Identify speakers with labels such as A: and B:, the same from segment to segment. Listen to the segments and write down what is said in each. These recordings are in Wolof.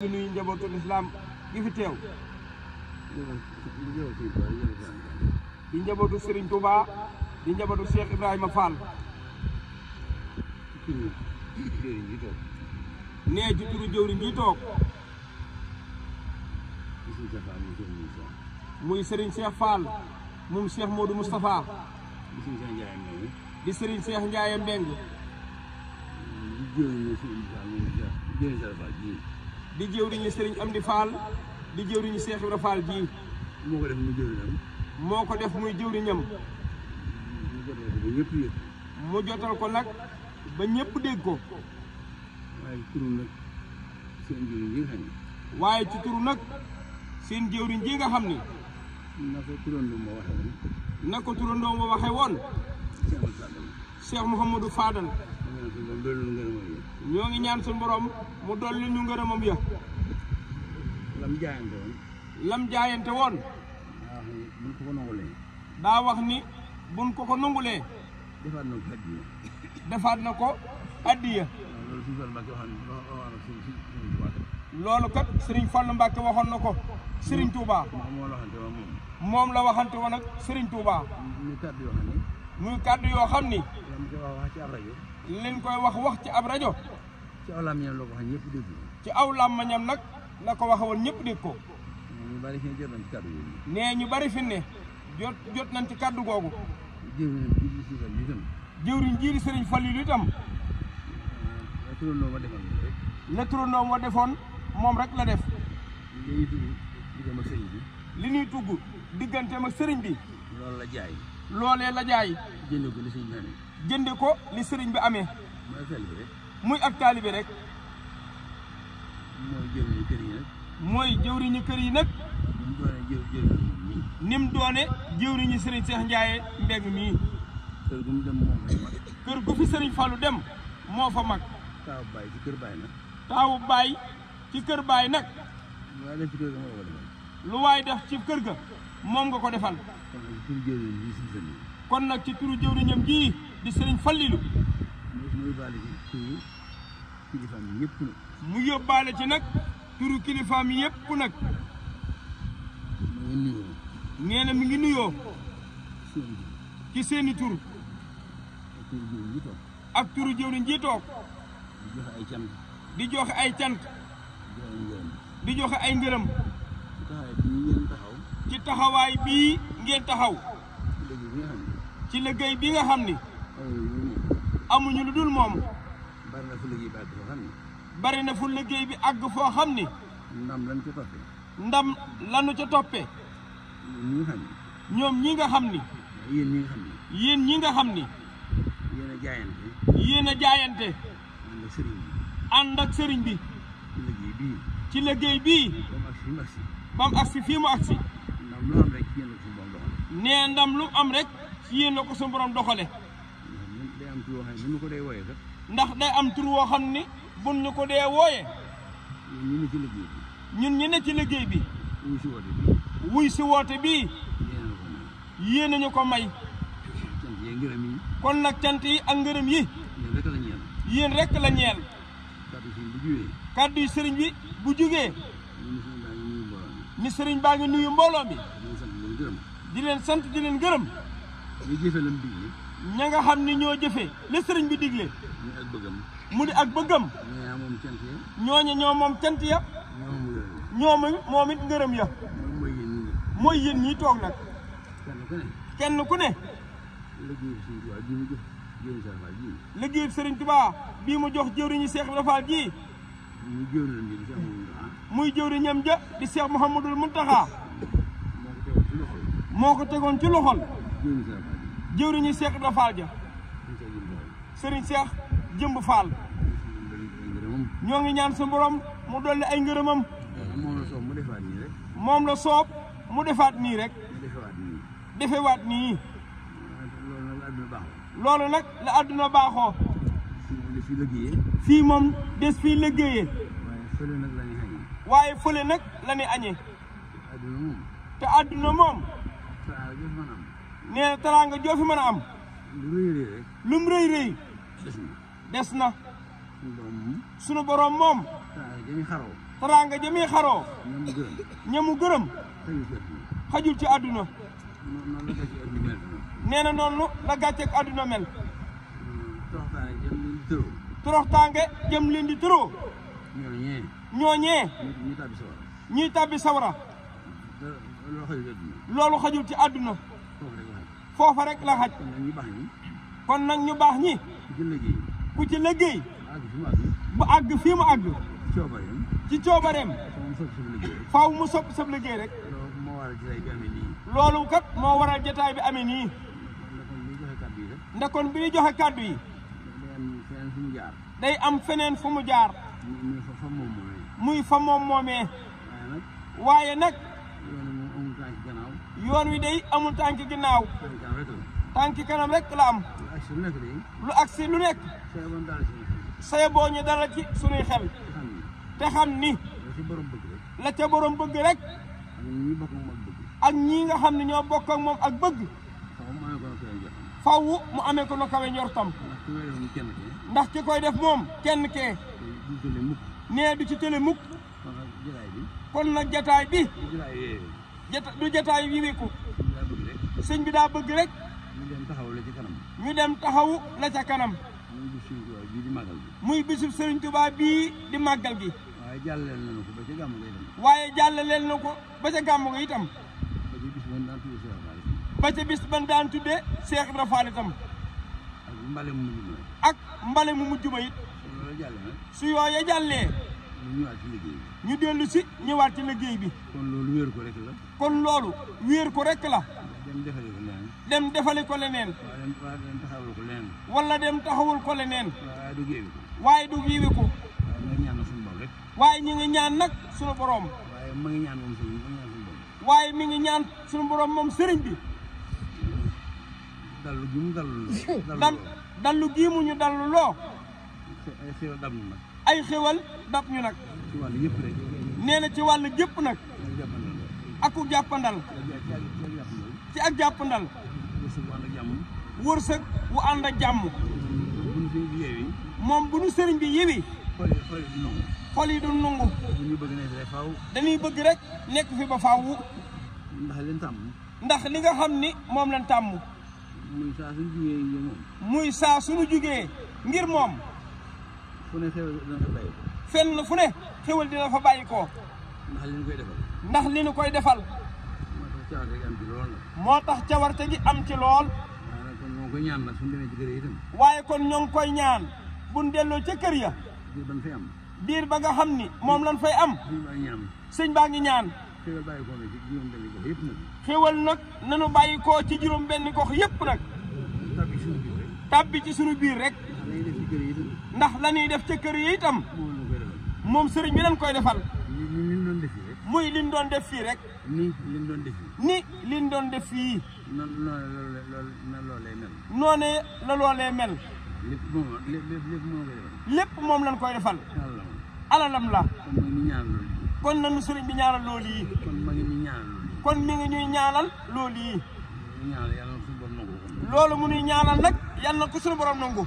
A: di nuyu njabootu lislaam gi fi teew di njabootu Serigne Touba di njabootu toog muy sëriñ Cheikh Fall moom Cheikh Modou Moustapha di Serigne Cheikh Ndiaye Mbeng di jëwriñu Serigne Amdi Fall di jëwriñu Cheikh Ibra Fall jii. moo ko def muy jëwriñam. moo mu jotal ko nag ba ñëpp dégg ko. waaye ci turu nag seen jëwriñ ji nga xam ne. na ko turandoo ma waxee woon. na ko turandoo ñoo ngi ñaan suñu borom mu dolli ñu ngërëmam ya lam jaayante woon. lam jaayante woon. daa wax ni buñ ko ko nangulee. defaat na ko addiya. defaat na ko addiya. loolu kat Serigne Fallou Mbacke waxoon na ko Serigne Touba. moom la waxante woon ak Serigne Touba. muy kàddu yoo xam ni. lam koy wax wax leen koy wax wax ci ab rajo. ci aw làmmiñam la ko wax ñëpp dégg ci aw làmmiñam nag la ko waxe woon ñëpp dégg ko. ñu bari ne nee ñu bari fi ne jot jot nañ ci kàddu googu. jëwriñ jiiri sëriñ Fallu itam. jëwriñ jiiri sëriñ Fallu itam. la turandoo ma defoon rek. defoon moom rek la def. li ñuy tugg digganteem ak sëriñ bi. loolu la jaay. loole la jaay. jënde ko li sëriñ bi amee. ko li sëriñ bi amee. muy ak taalibe rek. mooy jëwriñu kër yi nag. mooy kër yi nag. doone jëwriñu sëriñ Seex Njaaye mbeng mii. kër gu mu dem moo fi sëriñ Fallou dem moo fa mag. taawu baay ci kër baay nag. taawu baay ci kër baay nag. lu waay def ci kër ga. moom nga ko defal kon nag ci turu jëwriñam ji di sëriñ Fallilu mu yóbbaale ci nag turu kilifaam yépp nag nee na mi ngi nuyoo ci seeni tur ak turu jëwriñ ji toog di joxe ay cant di joxe ay ngërëm ay ngërëm ci taxawaay bii ngeen taxaw ci liggéey bi nga xam ni amuñu lu dul moom bari na fu liggéey bi àgg foo xam ni bari na fu liggéey bi ndam lañu ca toppee ndam ca toppee ñoom ñi nga xam ni yéen ñi nga xam ni yéen ñi nga xam ni yéen a jaayante yéen ak sëriñ bi ci liggéey bii ci liggéey bii ba mu agsi fii nee ndam lu am rek ci yéen la ko suñu borom doxale ndax day am tur woo xam ni buñ ñu ko dee wooyee ñun ñu ne ci liggéey bi wuy si woote bi? yéen nañu ko may kon nag cant yi ak ngërëm yi yéen rek la ñeel kàddu yi bi bu jugee ni nuyu mi gërëm di leen sant di leen gërëm ñi jëfe lam digle ña nga xam ne ñoo jëfe sëriñ bi digle mu ak bëggam mu di ak bëggam ñoo moom cant ya ñooña ñoo moom cant ya ñoom moom it ya ñi kenn ku ne mu jox ji muy ja di Muhammadul Muntaxa moo ko tegoon ci loxol jëwriñu Cheikh Ibra Fall ja Serigne Cheikh Jëmb Fall ñoo ngi ñaan sa borom mu dolli ay ngërëmam moom la soob mu defaat nii rek defewaat nii loolu nag la àdduna baaxoo fii moom des fii liggéeyee waaye fële nag la ñuy añee te àdduna moom nee teraanga joo fi mën a am. lu mu rëy rëy. des na. sunu borom moom. teraanga jëmi xaroo. ñamu gërëm. xajul ci àdduna. nee na noonu la gàcceeg àdduna mel. toroxtaange jëm leen di tëroo. ñooñee. ñooñee. ñuy tabbi sawara. loolu xajul ci àdduna foofa rek la xaj kon nag ñu baax ñi ku ci liggéey bu àgg fi mu àgg ci coobareem faw mu sopp sab liggéey rek loolu kat moo waral jotaay bi amee nii ndekon bi kon bi ñu joxe kàddu yi day am feneen fu mu jaar muy fa moom moomee waaye nag yoon wi day amul tànk ginnaaw tànk kanam rek la am lu agsi lu nekk saye boo ñu dara ci sunuy xel te xam ni la ca borom bëgg rek ak ñii nga xam ne ñoo bokk ak moom ak bëgg faw mu amee ko lu kawe njortam ndax ki koy def moom kenn kee nee du ci tële mukk kon nag jataay bi du jataay wimiku sëñ bi daa bëgg rek ñu dem taxaw la ca kanam ñu dem taxaw la ca kanam muy bisub sëriñ Tuubaa bii di màggal gi waaye jàllaleel na ko ba ca gàmmu ga itam waaye jàllaleel ko ba ca gàmmu itam ba ca bis ban daan tudde Seex Ibra Faal itam ak mbale mu mujj ma it su jàllee ñu ñëwaat ci liggéey ñu dellu si ñëwaat ci liggéey bi. kon loolu wéer ko rek la. kon loolu wéer ko rek la. dem defali ko leneen. dem defali ko leneen. wala dem taxawul ko leneen. wala dem taxawul waaye du yeewi ko. waaye du yeewi waaye ñu ngi ñaan nag suñu borom. waaye mi ngi ñaan moom suñu waaye mi ngi ñaan suñu borom moom sëriñ bi. dallu gi mu dallu loo. dallu gii mu ñu dallu ay xéwal dab ñu nag nee na ci wàll jépp nag aku jàppandal ci ak jàppandal wërsëg wu ànd ak jàmm moom bu ñu sëriñ bi yiwi xol yi du nungu dañuy bëgg rek nekk fi ba faaw ndax leen tàmm ndax li nga xam ni moom lañ tàmm muy saa suñu jógee ngir moom fu ne xéwal fenn fu ne xéwal dina fa bàyyi ko. ndax li nu koy defal. ndax li ñu koy defal. moo tax cawarte gi am ci lool. waaye kon ñoo ngi koy ñaan buñ delloo ca kër ya. diir ba am. diir ba nga xam ni moom lañ fay am. sëñ baa ngi ñaan. xéwal nag nanu bàyyi koo ci juróom benn gox yépp nag. tàbbi ci sunu biir rek. kër yi ndax la ñuy def ca kër yi itam. moom sëriñ bi lañ koy defal. muy liñ doon def fii rek. ni liñ doon def fii. ni liñ doon def fii. noonu noonu la loolee mel. noonee la loolee lépp moom lépp lañ koy defal. alalam la. kon nanu sëriñ bi ñaanal loolu yi. kon ma ñuy ñaanal loolu yi. kon mi ngi ñuy ñaanal loolu yi. loolu mu ñuy ñaanal nag yal na ko suñu borom nangu.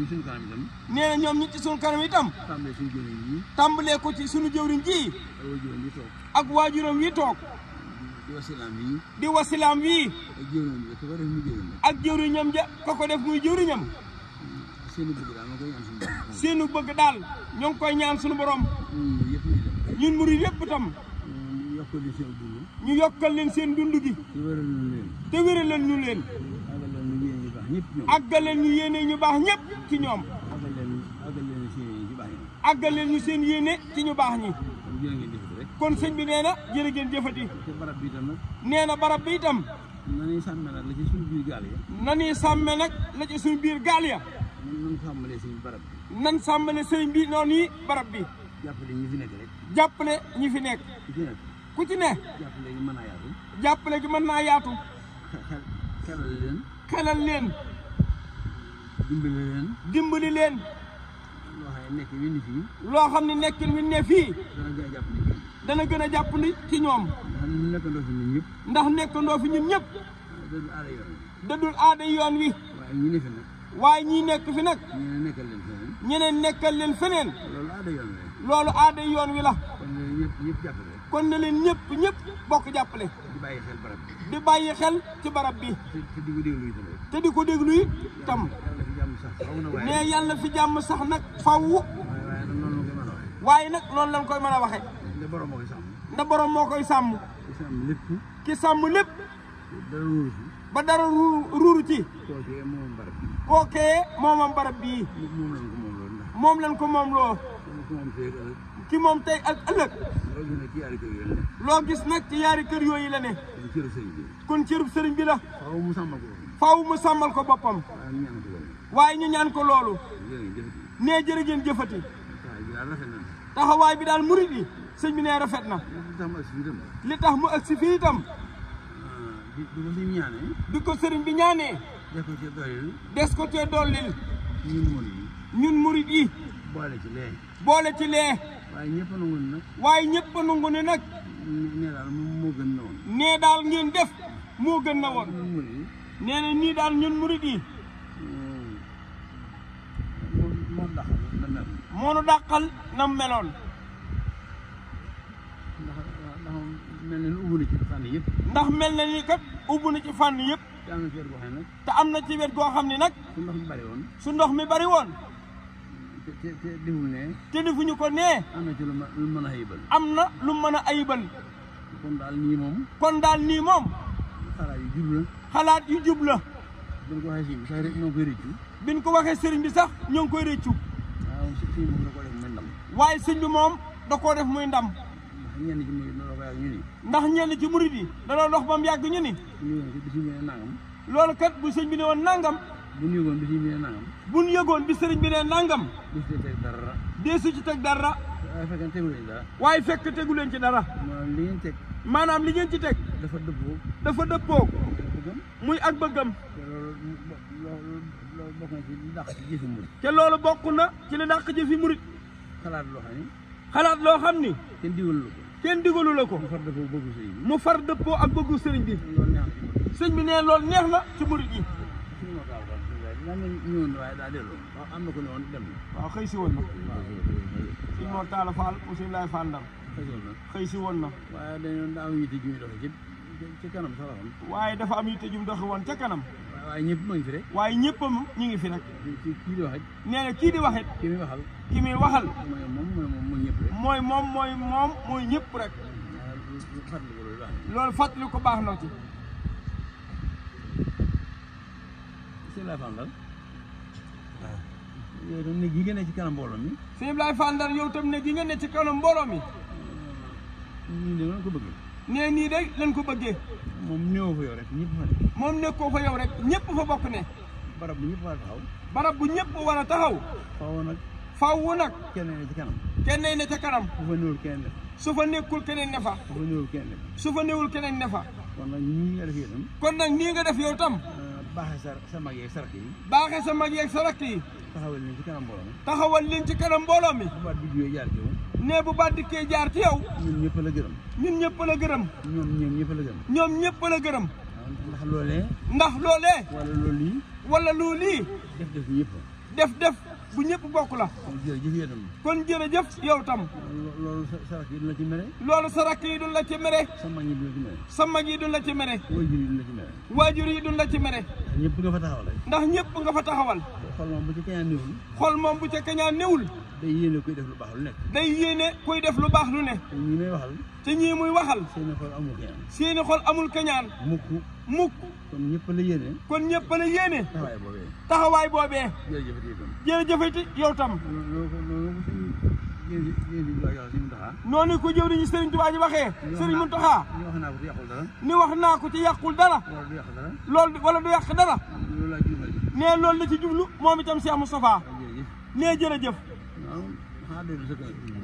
A: ñi suñu kanam itam nee na ñoom ñi ci suñu kanam itam tàmbalee suñu jëwriñ yi tàmbalee ko ci suñu jëwriñ ji ak waajuram wi toog di wasilaam wi di wasilaam wi ja ka def muy jëwriñam seenu seenu bëgg daal ñoo koy ñaan suñu borom ñun murid ñu leen seen gi te ñu leen àggale ñu yéene ñu baax ñëpp ci ñoom. àggale ñu seen yéene ci ñu baax ñi. kon sëñ bi nee na jërë ngeen jëfati. nee na barab bi itam. na ñuy sàmme nag la ci suñu biir gaal ya. na ñuy sàmme nag la ci suñu biir gaal ya. nan sàmmale sëñ barab bi. nan sàmmale sëñ bi noonu yi barab bi. jàppale ñi fi nekk rek. jàppale ñi fi nekk. ku ci ne. jàppale gi mën naa yaatu. jàppale gi mën naa yaatu. xelal leen. xelal leen. dimbali leen. dimbali leen. loo xam ne nekkin wi ne fii. dana gën a jàpp ni ci ñoom. ndax nekkandoo fi ñun ñëpp. ndax nekkandoo fi ñun ñëpp. dadul aada yoon wi. waaye ñii nekk fi waaye ñii nekk nag. ñeneen nekkal leen feneen. ñeneen nekkal leen feneen. loolu aada yoon wi. aada yoon wi la. kon na leen ñëpp ñëpp jàppale. kon leen ñëpp ñëpp bokk jàppale. bàyyi xel barab bi. di bàyyi xel ci barab bi. te di ko déglu itam. te di ko déglu itam. mais yàlla fi jàmm sax nag faww. waaye nag loolu lañ koy mën a waxee. nda borom moo koy sàmm. nda moo koy sàmm. ki sàmm lépp. ba dara ruuru ruuru ci. kookee moomam barab bii. kookee moomam barab bii. moom lañ ko moom loo. moom ko moom loo. ki moom tey ak ëllëg loo gis nag ci yaari kër yooyu la ne kon cërub sëriñ bi la faaw mu sàmmal ko boppam waaye ñu ñaan ko loolu nee jërë ngeen jëfati taxawaay bi daal murit yi sëñ bi nee rafet na li tax mu agsi fii itam ah, di ko sëriñ bi ñaanee des ko cee dollil ñun mu yi ci lee boole ci lee waaye ñëpp nangu ne nag. waaye ñëpp nangu ne nag. nee daal moo gën na woon. nee daal ngeen def moo gën na woon. nee na nii daal ñun murid yi. moo nu dàqal na meloon. mel na ni ubbi na ci fànn yëpp. ndax mel na ni kat ubbi na ci fànn yëpp. te am na ci wet goo xam ne nag. su ndox mi bari woon. su ndox mi bari woon. te te deful ne. te ko ne. am na ci lu mën a ayibal. am na lu mën a ayibal. kon daal nii moom. kon daal nii moom. xalaat yu jub la. xalaat yu jub la. biñ ko waxee sëriñ bi sax rek koy rëccu. biñ ko waxee sëriñ bi sax ñoo koy rëccu. waaw sëñ bi sëñ bi moom da koo def ndam. ndax ñenn ci murid yi danoo dox yàgg ñu ni. ndax ñenn ci murid yi danoo dox ni. loolu kat bu sëñ bi ne woon nangam. bu ñu yëgoon bi sëriñ bi ne nangam. bu ñu yëgoon bi sëriñ bi ne nangam. deesu ci teg dara. deesu ci teg dara. waaye fekk tegu leen ci dara. waaye fekk tegu leen ci dara. maanaam li ngeen teg. maanaam li ngeen ci teg. dafa dëppoo. dafa dëppoo. muy ak bëggam. te loolu bokk na ci li dàq jëfi murit. xalaat loo xam ni. xalaat loo xam ni. kenn digalu la ko. kenn digalu la ko. mu far dëppoo bëggu sëriñ bi. mu far dëppoo ak bëggu sëriñ bi. sëñ bi nee loolu neex na ci murit yi. na waaye daa delloo am na ko ne dem na. waaw xëy si woon na. waaw suñ Mor Talla Fall Ousseynou Laye Fall Ndar. na xëy si woon na. waaye dañoo daa am yitte ju muy doxee ci ci kanam waaye dafa am yitte ju mu woon ca kanam. waaye ñëpp mooy ngi fi rek. waaye ñëppam ñu ngi fi rek. kii di waxit. nee na kii di waxit. ki muy waxal. ki muy waxal. mooy moom mooy ñëpp rek. mooy moom mooy moom mooy ñëpp rek. loolu fàttali ko baax na ci. sëñ Ablaye Fall Ndar waaw ah. yow itam ne gi nga ne ci kanam mbooloo mi sëñ Ablaye Fall Ndar yow itam ne gi nga ne ci kanam mbooloo mi nii de lan ko bëggee nee nii de lañ ko bëggee moom ñëw fa yow rek ñëpp fa ne moom nekkoo fa yow rek ñëpp fa bu ñëpp war bu ñëpp war a taxaw faaw nag faaw kenn ne ci kanam kenn su fa nekkul keneen ne fa su fa néewul keneen ne fa su fa néewul keneen ne fa kon nag nii nga def yow itam baaxee sa sa mag yeeg sa rakk yi. baaxee sa mag yeeg sa rakk yi. taxawal leen ci kanam mbooloo taxawal leen ci kanam mbooloo mi. bu baat bi juyee jaar ci yow. nee bu baat jaar ci yow. ñun ñëpp la gërëm. ñun ñëpp a gërëm. ñoom ñoom ñëpp la gërëm. ñoom ñëpp la gërëm. ndax loolee. ndax loolee. wala loolu lii. wala loolu lii. def def ñëpp. def def. bu ñepp bokku la kon jërëjëf yow tam loolu sarak yi duñ la ci mere loolu sarak yi duñ la ci mere sama ñi duñ la ci mere sama ñi duñ la ci mere waajur yi duñ la ci mere ñepp nga fa taxawal ndax ñepp nga fa taxawal xol mom bu ci kañaan neewul xol mom bu ci kañaan neewul day yéene koy def lu baax lu nekk day yéene koy def lu baax lu nekk ñi may waxal te ñii muy waxal. seeni xol amul kañaan. seeni amul kañaan. mukk mukk. kon ñëpp la yéene. kon ñëpp la yéene. taxawaay boobee. taxawaay boobee. jërëjëfati yow tam. noonu ko jëwriñu Serigne Touba ji waxee. Serigne Mountakha. ni wax naa ko ci yàqul dara. loolu wala du yàq dara. nee loolu la ci jublu moom itam Cheikh Moustapha. nee jërëjëf.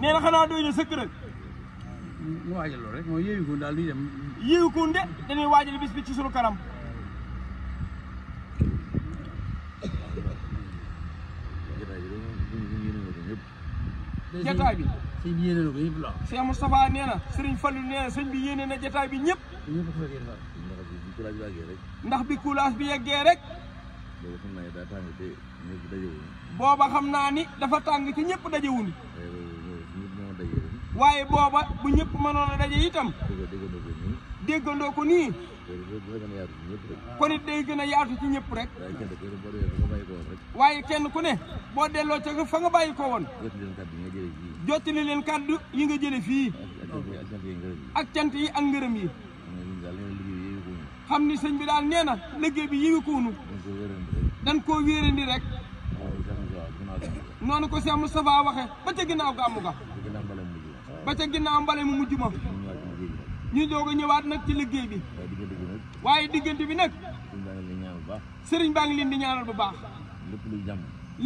A: nee na xanaa doy na sëkk ñu waajal loolu rek mooy yéewi kun daal di dem yéewi kun de dañuy waajal bis bi ci sunu kanam jataay bi sëñ bi yéene na la Cheikh Moustapha nee Serigne Fallou nee na bi na jataay bi ñëpp ndax bi coulage bi rek ni dafa ci waaye booba bu ñëpp mënoon a daje itam déggandoo ko nii kon it day gën a yaatu ci ñëpp rek waaye kenn ku ne boo delloo ca fa nga bàyyi ko woon jottali leen kàddu yi nga jële fii ak cant yi ak ngërëm yi xam ni sëñ bi daal nee na liggéey bi yéegu kuunu dan koo wéerandi rek noonu ko Cheikh Moustapha waxe ba ca ginnaaw gàmmu ga ba ca ginnaw mbalé mu mujj ma ñu doog ñëwaat nak ci liggéey bi waye diggante bi nak sëriñ baang ngi leen di ñaanal bu baax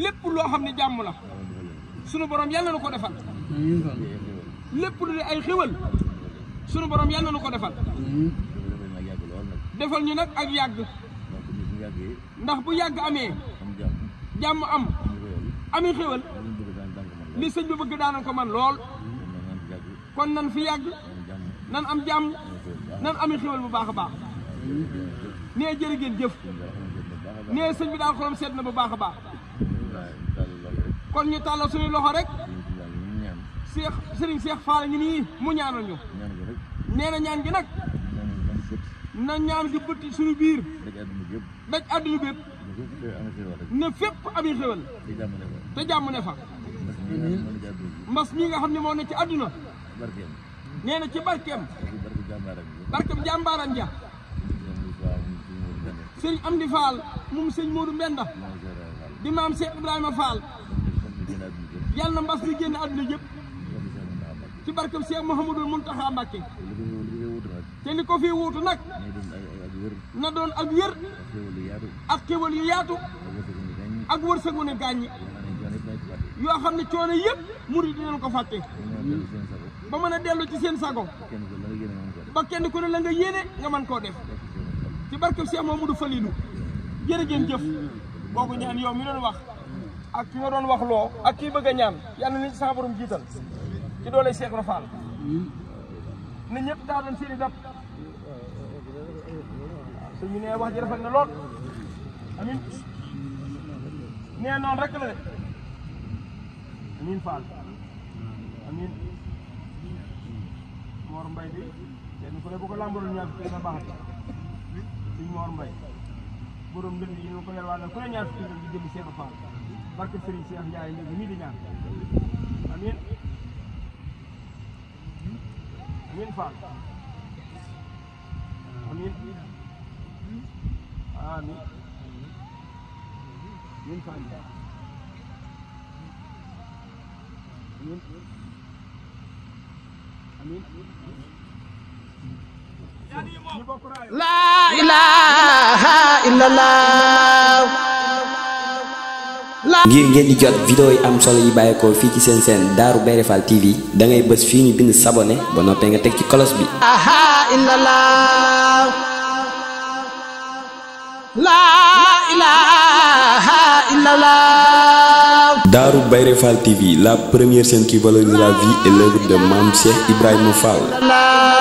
A: lépp loo xam ne jàmm la suñu borom yalla nako defal lepp lu ay xewal suñu borom yalla nako defal defal ñu nak ak yagg ndax bu yagg amé jàmm am ami xewal li señ bi bëgg daanaka man lool kon nan fi yàgg nan am jàmm nan ami xéwal bu baax a baax nee jërë ngeen jëf nee sëñ bi daal xolam seet na bu baax a baax kon ñu tàllal suñu loxo rek Seex Sëriñ Seex Faal ngi nii mu ñaanal ñu nee na ñaan gi nag na ñaan gi bëtt suñu biir daj àdduna bépp ne fépp ami xéwal te jàmm ne fa mbas mii nga xam ne moo ne ci àdduna barkeem nee ci barkem barkem jambaram ja sëñ Amdi Fall mum sëñ Modou Mbenda di mam Cheikh Ibrahima Fall yàlla mbass mbas di génn àdduna yëpp ci barkem Cheikh Mouhamadul muntaha mbacke te ni ko fi wutu nak na don ak yer ak xéwal yu yatu ak wërsëgu ne gàññi yo xam ne coono mouride murid ko fatte ba mën a ci seen sago ba kenn ko la nga yéene nga man ko def ci barkeb Cheikh Mamadou falilu Falilou jërëgeen jëf boogu ñaan yow mi doon wax ak ki nga doon wax lo ak ki bëgg ñaan yalla nañ ci sa borom jital ci doole Cheikh rafal ni ñepp da doon seen i dab suñu nee wax ji rafet na lool amin nee non rek la de amin Fall amin Mor Mbay bi kenn ku ne bu ko làmbaroon ñaar fukki dina baaxati suñ Mor Mbay borom ndënd yi ñu ko yor wàll ku ne ñaar fukki di jëli Cheikh Fall barke Serigne Cheikh Ndiaye léegi nii di ñaan amiin amiin Fall amiin amiin La ilaha illallah ngir ngeen di jot video yi am solo yi bàyyeekoo fi ci sen sen daru berefal TV da ngay beus fi ñu bind s'abonner ba noppee nga tek ci kolos bi. aha inna la La ilaha illallah. daaru Bayré Fall TV, la première chaîne qui valorise la vie et de Mam Cheikh Ibrahim Fall.